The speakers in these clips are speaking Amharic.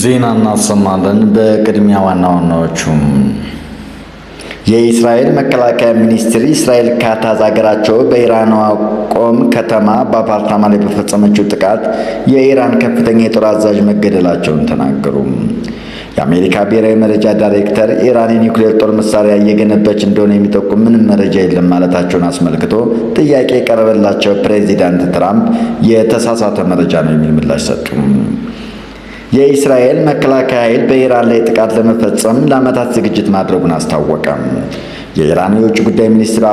ዜና እናሰማለን። በቅድሚያ ዋና ዋናዎቹም የእስራኤል መከላከያ ሚኒስትር እስራኤል ካታዝ አገራቸው በኢራንዋ ቆም ከተማ በአፓርታማ ላይ በፈጸመችው ጥቃት የኢራን ከፍተኛ የጦር አዛዥ መገደላቸውን ተናገሩ። የአሜሪካ ብሔራዊ መረጃ ዳይሬክተር ኢራን የኒውክሌር ጦር መሳሪያ እየገነበች እንደሆነ የሚጠቁም ምንም መረጃ የለም ማለታቸውን አስመልክቶ ጥያቄ የቀረበላቸው ፕሬዚዳንት ትራምፕ የተሳሳተ መረጃ ነው የሚል ምላሽ ሰጡ። የእስራኤል መከላከያ ኃይል በኢራን ላይ ጥቃት ለመፈጸም ለዓመታት ዝግጅት ማድረጉን አስታወቀም። የኢራን የውጭ ጉዳይ ሚኒስትር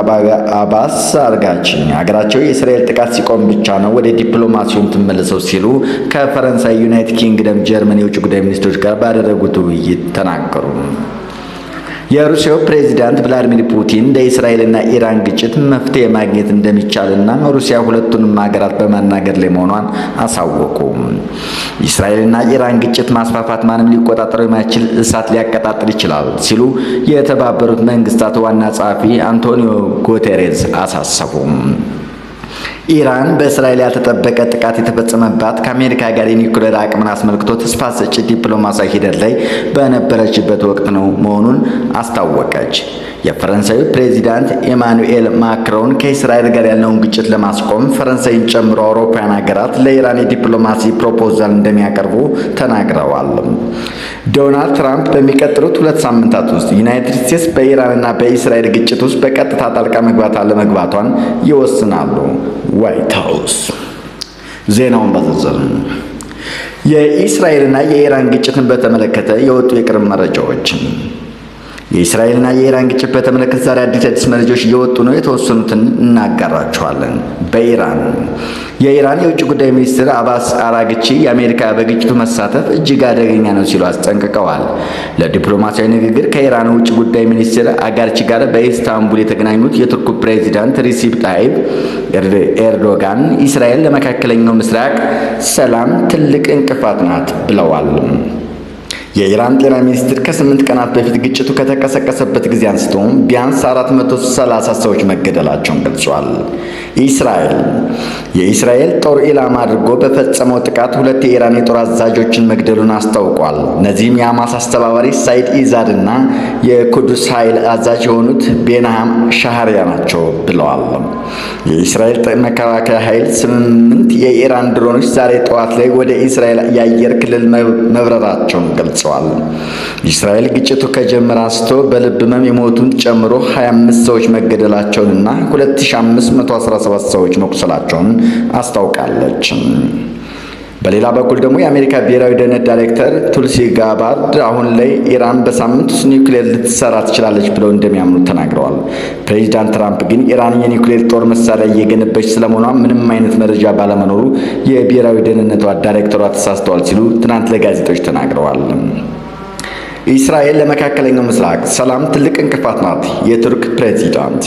አባስ አርጋቺ ሀገራቸው የእስራኤል ጥቃት ሲቆም ብቻ ነው ወደ ዲፕሎማሲው የምትመልሰው ሲሉ ከፈረንሳይ፣ ዩናይትድ ኪንግደም፣ ጀርመን የውጭ ጉዳይ ሚኒስትሮች ጋር ባደረጉት ውይይት ተናገሩ። የሩሲያው ፕሬዚዳንት ቭላዲሚር ፑቲን ለእስራኤልና ኢራን ግጭት መፍትሄ ማግኘት እንደሚቻልና ሩሲያ ሁለቱንም ሀገራት በማናገር ላይ መሆኗን አሳወቁ። እስራኤልና ኢራን ግጭት ማስፋፋት ማንም ሊቆጣጠረው የማይችል እሳት ሊያቀጣጥል ይችላል ሲሉ የተባበሩት መንግስታት ዋና ጸሐፊ አንቶኒዮ ጉቴሬዝ አሳሰቡ። ኢራን በእስራኤል ያልተጠበቀ ጥቃት የተፈጸመባት ከአሜሪካ ጋር የኒውክሌር አቅምን አስመልክቶ ተስፋ ሰጪ ዲፕሎማሲያዊ ሂደት ላይ በነበረችበት ወቅት ነው መሆኑን አስታወቀች። የፈረንሳዩ ፕሬዚዳንት ኤማኑኤል ማክሮን ከእስራኤል ጋር ያለውን ግጭት ለማስቆም ፈረንሳይን ጨምሮ አውሮፓውያን ሀገራት ለኢራን የዲፕሎማሲ ፕሮፖዛል እንደሚያቀርቡ ተናግረዋል። ዶናልድ ትራምፕ በሚቀጥሉት ሁለት ሳምንታት ውስጥ ዩናይትድ ስቴትስ በኢራንና በእስራኤል ግጭት ውስጥ በቀጥታ ጣልቃ መግባት አለመግባቷን ይወስናሉ። ዋይት ሀውስ ዜናውን በዝርዝር የእስራኤልና የኢራን ግጭትን በተመለከተ የወጡ የቅርብ መረጃዎች የእስራኤልና የኢራን ግጭት በተመለከተ ዛሬ አዲስ አዲስ መረጃዎች እየወጡ ነው። የተወሰኑትን እናጋራቸዋለን። በኢራን የኢራን የውጭ ጉዳይ ሚኒስትር አባስ አራግቺ የአሜሪካ በግጭቱ መሳተፍ እጅግ አደገኛ ነው ሲሉ አስጠንቅቀዋል። ለዲፕሎማሲያዊ ንግግር ከኢራን ውጭ ጉዳይ ሚኒስትር አጋርቺ ጋር በኢስታንቡል የተገናኙት የቱርኩ ፕሬዚዳንት ሪሲፕ ጣይብ ኤርዶጋን እስራኤል ለመካከለኛው ምስራቅ ሰላም ትልቅ እንቅፋት ናት ብለዋል። የኢራን ጤና ሚኒስትር ከስምንት ቀናት በፊት ግጭቱ ከተቀሰቀሰበት ጊዜ አንስቶም ቢያንስ 430 ሰዎች መገደላቸውን ገልጿል። ኢስራኤል የኢስራኤል ጦር ኢላማ አድርጎ በፈጸመው ጥቃት ሁለት የኢራን የጦር አዛዦችን መግደሉን አስታውቋል። እነዚህም የሐማስ አስተባባሪ ሳይድ ኢዛድ እና የኩዱስ ኃይል አዛዥ የሆኑት ቤናሃም ሻህሪያ ናቸው ብለዋል። የኢስራኤል መከላከያ ኃይል ስምንት የኢራን ድሮኖች ዛሬ ጠዋት ላይ ወደ ኢስራኤል የአየር ክልል መብረራቸውን ገልጿል። ገልጸዋል። የእስራኤል ግጭቱ ከጀመረ አንስቶ በልብ ህመም የሞቱን ጨምሮ 25 ሰዎች መገደላቸውንና 2517 ሰዎች መቁሰላቸውን አስታውቃለች። በሌላ በኩል ደግሞ የአሜሪካ ብሔራዊ ደህንነት ዳይሬክተር ቱልሲ ጋባርድ አሁን ላይ ኢራን በሳምንት ውስጥ ኒውክሌር ልትሰራ ትችላለች ብለው እንደሚያምኑ ተናግረዋል። ፕሬዚዳንት ትራምፕ ግን ኢራን የኒውክሌር ጦር መሳሪያ እየገነበች ስለመሆኗ ምንም አይነት መረጃ ባለመኖሩ የብሔራዊ ደህንነቷ ዳይሬክተሯ ተሳስተዋል ሲሉ ትናንት ለጋዜጦች ተናግረዋል። ኢስራኤል ለመካከለኛው ምስራቅ ሰላም ትልቅ እንቅፋት ናት። የቱርክ ፕሬዚዳንት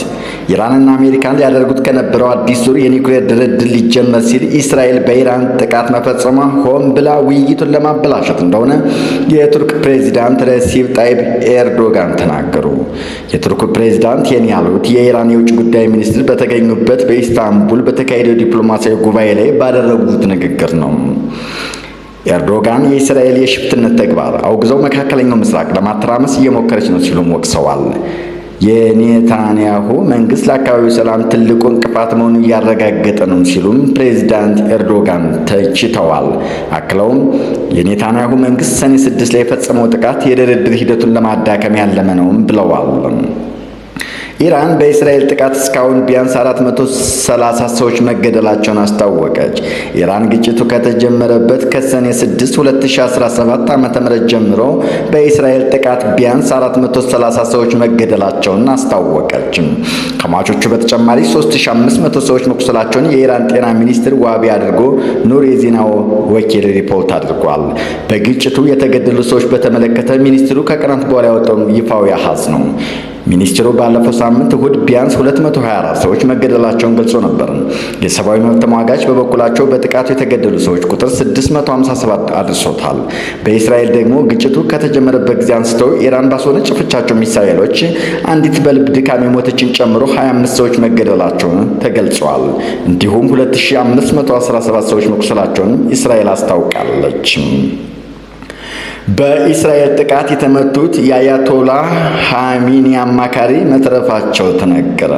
ኢራንና አሜሪካን ሊያደርጉት ከነበረው አዲስ ዙር የኒውክሌር ድርድር ሊጀመር ሲል ኢስራኤል በኢራን ጥቃት መፈጸሟ ሆን ብላ ውይይቱን ለማበላሸት እንደሆነ የቱርክ ፕሬዚዳንት ረሲብ ጣይብ ኤርዶጋን ተናገሩ። የቱርኩ ፕሬዚዳንት ይህን ያሉት የኢራን የውጭ ጉዳይ ሚኒስትር በተገኙበት በኢስታንቡል በተካሄደው ዲፕሎማሲያዊ ጉባኤ ላይ ባደረጉት ንግግር ነው። ኤርዶጋን የእስራኤል የሽፍትነት ተግባር አውግዘው መካከለኛው ምስራቅ ለማተራመስ እየሞከረች ነው ሲሉም ወቅሰዋል። የኔታንያሁ መንግስት ለአካባቢው ሰላም ትልቁ እንቅፋት መሆኑን እያረጋገጠ ነው ሲሉም ፕሬዚዳንት ኤርዶጋን ተችተዋል። አክለውም የኔታንያሁ መንግስት ሰኔ ስድስት ላይ የፈጸመው ጥቃት የድርድር ሂደቱን ለማዳከም ያለመ ነውም ብለዋል። ኢራን በእስራኤል ጥቃት እስካሁን ቢያንስ 430 ሰዎች መገደላቸውን አስታወቀች። ኢራን ግጭቱ ከተጀመረበት ከሰኔ 6 2017 ዓ.ም ጀምሮ በእስራኤል ጥቃት ቢያንስ 430 ሰዎች መገደላቸውን አስታወቀች። ከሟቾቹ በተጨማሪ 3500 ሰዎች መቁሰላቸውን የኢራን ጤና ሚኒስትር ዋቢ አድርጎ ኑር የዜና ወኪል ሪፖርት አድርጓል። በግጭቱ የተገደሉ ሰዎች በተመለከተ ሚኒስትሩ ከቀናት በኋላ ያወጣው ይፋዊ አሃዝ ነው። ሚኒስትሩ ባለፈው ሳምንት እሁድ ቢያንስ 224 ሰዎች መገደላቸውን ገልጾ ነበር። የሰብአዊ መብት ተሟጋች በበኩላቸው በጥቃቱ የተገደሉ ሰዎች ቁጥር 657 አድርሶታል። በእስራኤል ደግሞ ግጭቱ ከተጀመረበት ጊዜ አንስተው ኢራን ባስወነጨፈቻቸው ሚሳኤሎች አንዲት በልብ ድካም የሞተችን ጨምሮ 25 ሰዎች መገደላቸውን ተገልጿል። እንዲሁም 2517 ሰዎች መቁሰላቸውን እስራኤል አስታውቃለች። በኢስራኤል ጥቃት የተመቱት የአያቶላህ ሃሚኒ አማካሪ መትረፋቸው ተነገረ።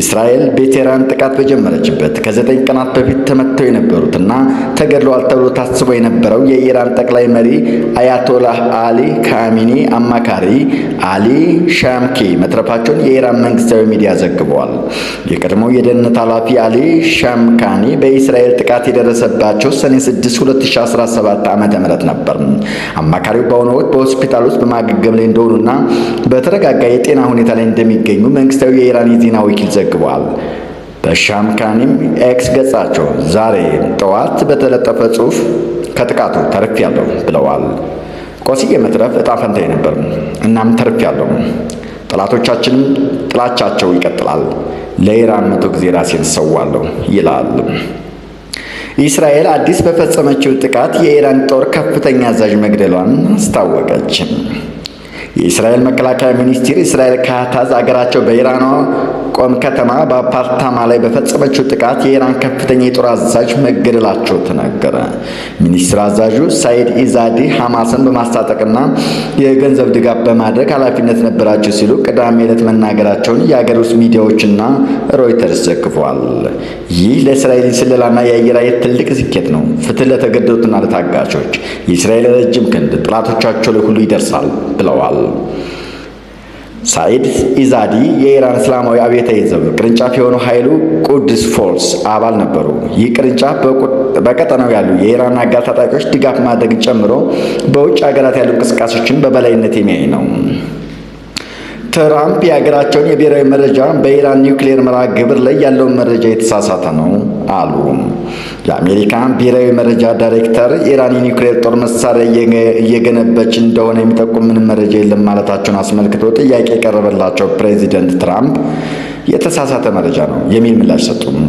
ኢስራኤል በቴህራን ጥቃት በጀመረችበት ከዘጠኝ ቀናት በፊት ተመተው የነበሩትና ተገድለዋል ተብሎ ታስቦ የነበረው የኢራን ጠቅላይ መሪ አያቶላህ አሊ ካሚኒ አማካሪ አሊ ሻምኪ መትረፋቸውን የኢራን መንግስታዊ ሚዲያ ዘግበዋል። የቀድሞው የደህንነት ኃላፊ አሊ ሻምካኒ በኢስራኤል ጥቃት የደረሰባቸው ሰኔ 6 2017 ዓ ም ነበር። አማካሪው በአሁኑ ወቅት በሆስፒታል ውስጥ በማገገም ላይ እንደሆኑና በተረጋጋ የጤና ሁኔታ ላይ እንደሚገኙ መንግስታዊ የኢራን የዜና ወኪል ዘግቧል። በሻምካኒም ኤክስ ገጻቸው ዛሬ ጠዋት በተለጠፈ ጽሑፍ ከጥቃቱ ተርፌያለሁ ብለዋል። ቆስዬ መትረፍ እጣ ፈንታዬ ነበር፣ እናም ተርፌያለሁ። ጠላቶቻችንም ጥላቻቸው ይቀጥላል። ለኢራን መቶ ጊዜ ራሴን ሰዋለሁ ይላል። እስራኤል አዲስ በፈጸመችው ጥቃት የኢራን ጦር ከፍተኛ አዛዥ መግደሏን አስታወቀችም። የእስራኤል መከላከያ ሚኒስቴር እስራኤል ካታዝ አገራቸው በኢራኗ ቆም ከተማ በአፓርታማ ላይ በፈጸመችው ጥቃት የኢራን ከፍተኛ የጦር አዛዥ መገደላቸው ተናገረ። ሚኒስትር አዛዡ ሳይድ ኢዛዲ ሐማስን በማስታጠቅና የገንዘብ ድጋፍ በማድረግ ኃላፊነት ነበራቸው ሲሉ ቅዳሜ ዕለት መናገራቸውን የአገር ውስጥ ሚዲያዎችና ሮይተርስ ዘግቧል። ይህ ለእስራኤል ስለላና የአየር ኃይል ትልቅ ስኬት ነው። ፍትህ ለተገደሉትና ለታጋቾች፣ የእስራኤል ረጅም ክንድ ጥላቶቻቸው ላይ ሁሉ ይደርሳል ብለዋል። ተናግረዋል። ሳይድ ኢዛዲ የኢራን እስላማዊ አብዮታዊ ዘብ ቅርንጫፍ የሆነው ኃይሉ ቁድስ ፎርስ አባል ነበሩ። ይህ ቅርንጫፍ በቀጠናው ያሉ የኢራን አጋር ታጣቂዎች ድጋፍ ማድረግን ጨምሮ በውጭ ሀገራት ያሉ እንቅስቃሴዎችን በበላይነት የሚያይ ነው። ትራምፕ የሀገራቸውን የብሔራዊ መረጃ በኢራን ኒውክሌር መርሃ ግብር ላይ ያለውን መረጃ የተሳሳተ ነው አሉ። የአሜሪካ ብሔራዊ መረጃ ዳይሬክተር ኢራን የኒውክሌር ጦር መሳሪያ እየገነበች እንደሆነ የሚጠቁም ምንም መረጃ የለም ማለታቸውን አስመልክቶ ጥያቄ የቀረበላቸው ፕሬዚደንት ትራምፕ የተሳሳተ መረጃ ነው የሚል ምላሽ ሰጡም።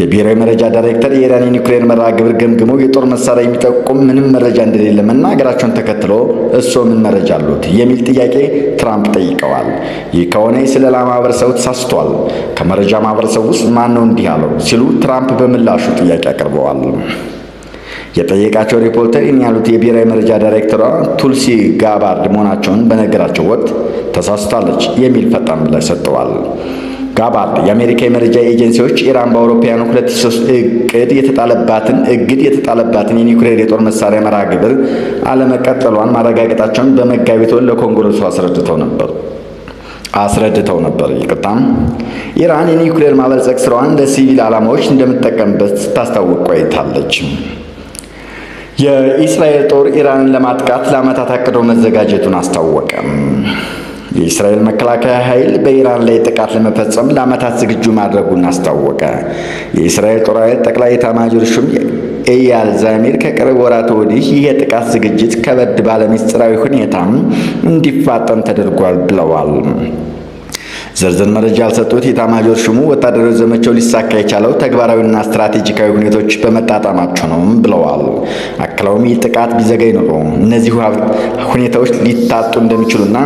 የብሔራዊ መረጃ ዳይሬክተር የኢራን የኒውክሌር መርሃ ግብር ገምግሞ የጦር መሳሪያ የሚጠቁም ምንም መረጃ እንደሌለ መናገራቸውን ተከትሎ እሶ ምን መረጃ አሉት የሚል ጥያቄ ትራምፕ ጠይቀዋል። ይህ ከሆነ የስለላ ማህበረሰቡ ተሳስቷል፣ ከመረጃ ማህበረሰቡ ውስጥ ማን ነው እንዲህ አለው ሲሉ ትራምፕ በምላሹ ጥያቄ አቅርበዋል። የጠየቃቸው ሪፖርተር ይህን ያሉት የብሔራዊ መረጃ ዳይሬክተሯ ቱልሲ ጋባርድ መሆናቸውን በነገራቸው ወቅት ተሳስታለች የሚል ፈጣን ምላሽ ሰጥተዋል። ጋባል የአሜሪካ የመረጃ ኤጀንሲዎች ኢራን በአውሮፓውያኑ 2003 እቅድ የተጣለባትን እግድ የተጣለባትን የኒውክሌር የጦር መሳሪያ መርሃ ግብር አለመቀጠሏን ማረጋገጣቸውን በመጋቢት ወር ለኮንግረሱ አስረድተው ነበር አስረድተው ነበር። ይቅርታም ኢራን የኒውክሌር ማበልጸግ ስራዋን ለሲቪል ዓላማዎች እንደምትጠቀምበት ስታስታውቅ ቆይታለች። የእስራኤል ጦር ኢራንን ለማጥቃት ለዓመታት አቅዶ መዘጋጀቱን አስታወቀ። የእስራኤል መከላከያ ኃይል በኢራን ላይ ጥቃት ለመፈጸም ለዓመታት ዝግጁ ማድረጉን አስታወቀ። የእስራኤል ጦር ኃይል ጠቅላይ ኤታማዦር ሹም ኤያል ዛሚር ከቅርብ ወራት ወዲህ ይህ የጥቃት ዝግጅት ከበድ ባለ ምስጢራዊ ሁኔታም እንዲፋጠን ተደርጓል ብለዋል። ዝርዝር መረጃ ያልሰጡት የታማጆር ሹሙ ወታደራዊ ዘመቻው ሊሳካ የቻለው ተግባራዊና ስትራቴጂካዊ ሁኔታዎች በመጣጣማቸው ነው ብለዋል። አክለውም ይህ ጥቃት ቢዘገይ ኖሮ እነዚህ ሁኔታዎች ሊታጡ እንደሚችሉና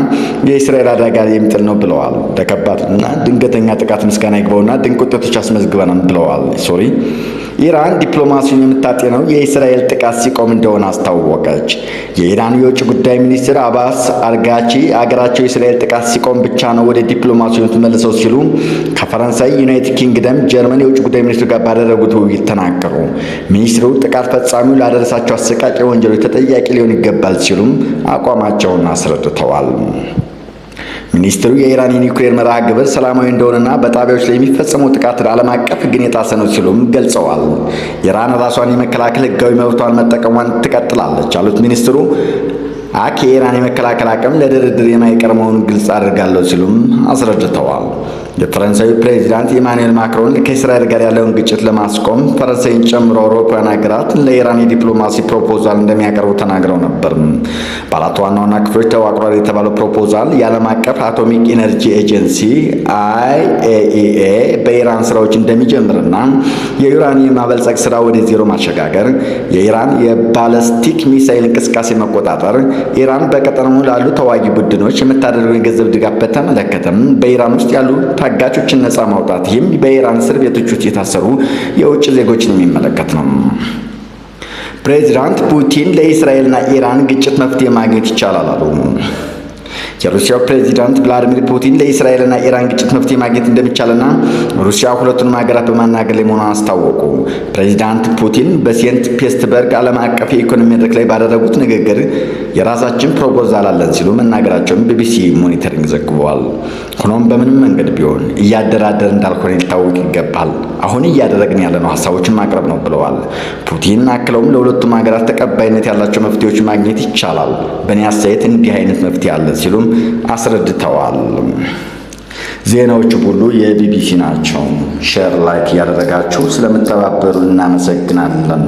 የእስራኤል አደጋ የሚጥል ነው ብለዋል። ለከባድና ድንገተኛ ጥቃት ምስጋና ይግባውና ድንቅ ውጤቶች አስመዝግበናል ብለዋል። ሶሪ ኢራን ዲፕሎማሲውን የምታጤነው የእስራኤል ጥቃት ሲቆም እንደሆነ አስታወቀች። የኢራን የውጭ ጉዳይ ሚኒስትር አባስ አርጋቺ አገራቸው የእስራኤል ጥቃት ሲቆም ብቻ ነው ወደ ዲፕሎማሲው የምትመልሰው ሲሉ ከፈረንሳይ፣ ዩናይትድ ኪንግደም፣ ጀርመን የውጭ ጉዳይ ሚኒስትሩ ጋር ባደረጉት ውይይት ተናገሩ። ሚኒስትሩ ጥቃት ፈጻሚው ላደረሳቸው አሰቃቂ ወንጀሎች ተጠያቂ ሊሆን ይገባል ሲሉም አቋማቸውን አስረድተዋል። ሚኒስትሩ የኢራን የኒውክሌር መርሃ ግብር ሰላማዊ እንደሆነና በጣቢያዎች ላይ የሚፈጸመው ጥቃት ዓለም አቀፍ ሕግን የጣሰ ነው ሲሉም ገልጸዋል። ኢራን ራሷን የመከላከል ሕጋዊ መብቷን መጠቀሟን ትቀጥላለች ያሉት ሚኒስትሩ አክ የኢራን የመከላከል አቅም ለድርድር የማይቀር መሆኑን ግልጽ አድርጋለሁ ሲሉም አስረድተዋል። የፈረንሳዩ ፕሬዚዳንት ኢማኑኤል ማክሮን ከእስራኤል ጋር ያለውን ግጭት ለማስቆም ፈረንሳይን ጨምሮ አውሮፓውያን ሀገራት ለኢራን የዲፕሎማሲ ፕሮፖዛል እንደሚያቀርቡ ተናግረው ነበር። በአራት ዋና ዋና ክፍሎች ተዋቅሯል የተባለው ፕሮፖዛል የዓለም አቀፍ አቶሚክ ኢነርጂ ኤጀንሲ አይኤኢኤ በኢራን ስራዎች እንደሚጀምርና የዩራኒየም ማበልጸግ ስራ ወደ ዜሮ ማሸጋገር፣ የኢራን የባለስቲክ ሚሳይል እንቅስቃሴ መቆጣጠር ኢራን በቀጠናው ላሉ ተዋጊ ቡድኖች የምታደርገው የገንዘብ ድጋፍ በተመለከተም በኢራን ውስጥ ያሉ ታጋቾችን ነፃ ማውጣት፣ ይህም በኢራን እስር ቤቶች ውስጥ የታሰሩ የውጭ ዜጎችን የሚመለከት ነው። ፕሬዚዳንት ፑቲን ለእስራኤልና ኢራን ግጭት መፍትሄ ማግኘት ይቻላል አሉ። የሩሲያው ፕሬዚዳንት ቭላዲሚር ፑቲን ለእስራኤልና ኢራን ግጭት መፍትሄ ማግኘት እንደሚቻልና ሩሲያ ሁለቱንም ሀገራት በማናገር ላይ መሆኗን አስታወቁ። ፕሬዚዳንት ፑቲን በሴንት ፒተርስበርግ ዓለም አቀፍ የኢኮኖሚ መድረክ ላይ ባደረጉት ንግግር የራሳችን ፕሮፖዛል አለን ሲሉ መናገራቸውን ቢቢሲ ሞኒተሪንግ ዘግቧል። ሆኖም በምንም መንገድ ቢሆን እያደራደር እንዳልሆነ ሊታወቅ ይገባል። አሁን እያደረግን ያለነው ሀሳቦችን ማቅረብ ነው ብለዋል። ፑቲን አክለውም ለሁለቱም ሀገራት ተቀባይነት ያላቸው መፍትሄዎች ማግኘት ይቻላል፣ በእኔ አስተያየት እንዲህ አይነት መፍትሄ አለ ሲሉም አስረድተዋል። ዜናዎቹ ሁሉ የቢቢሲ ናቸው። ሼር ላይክ እያደረጋችሁ ስለምተባበሩ እናመሰግናለን።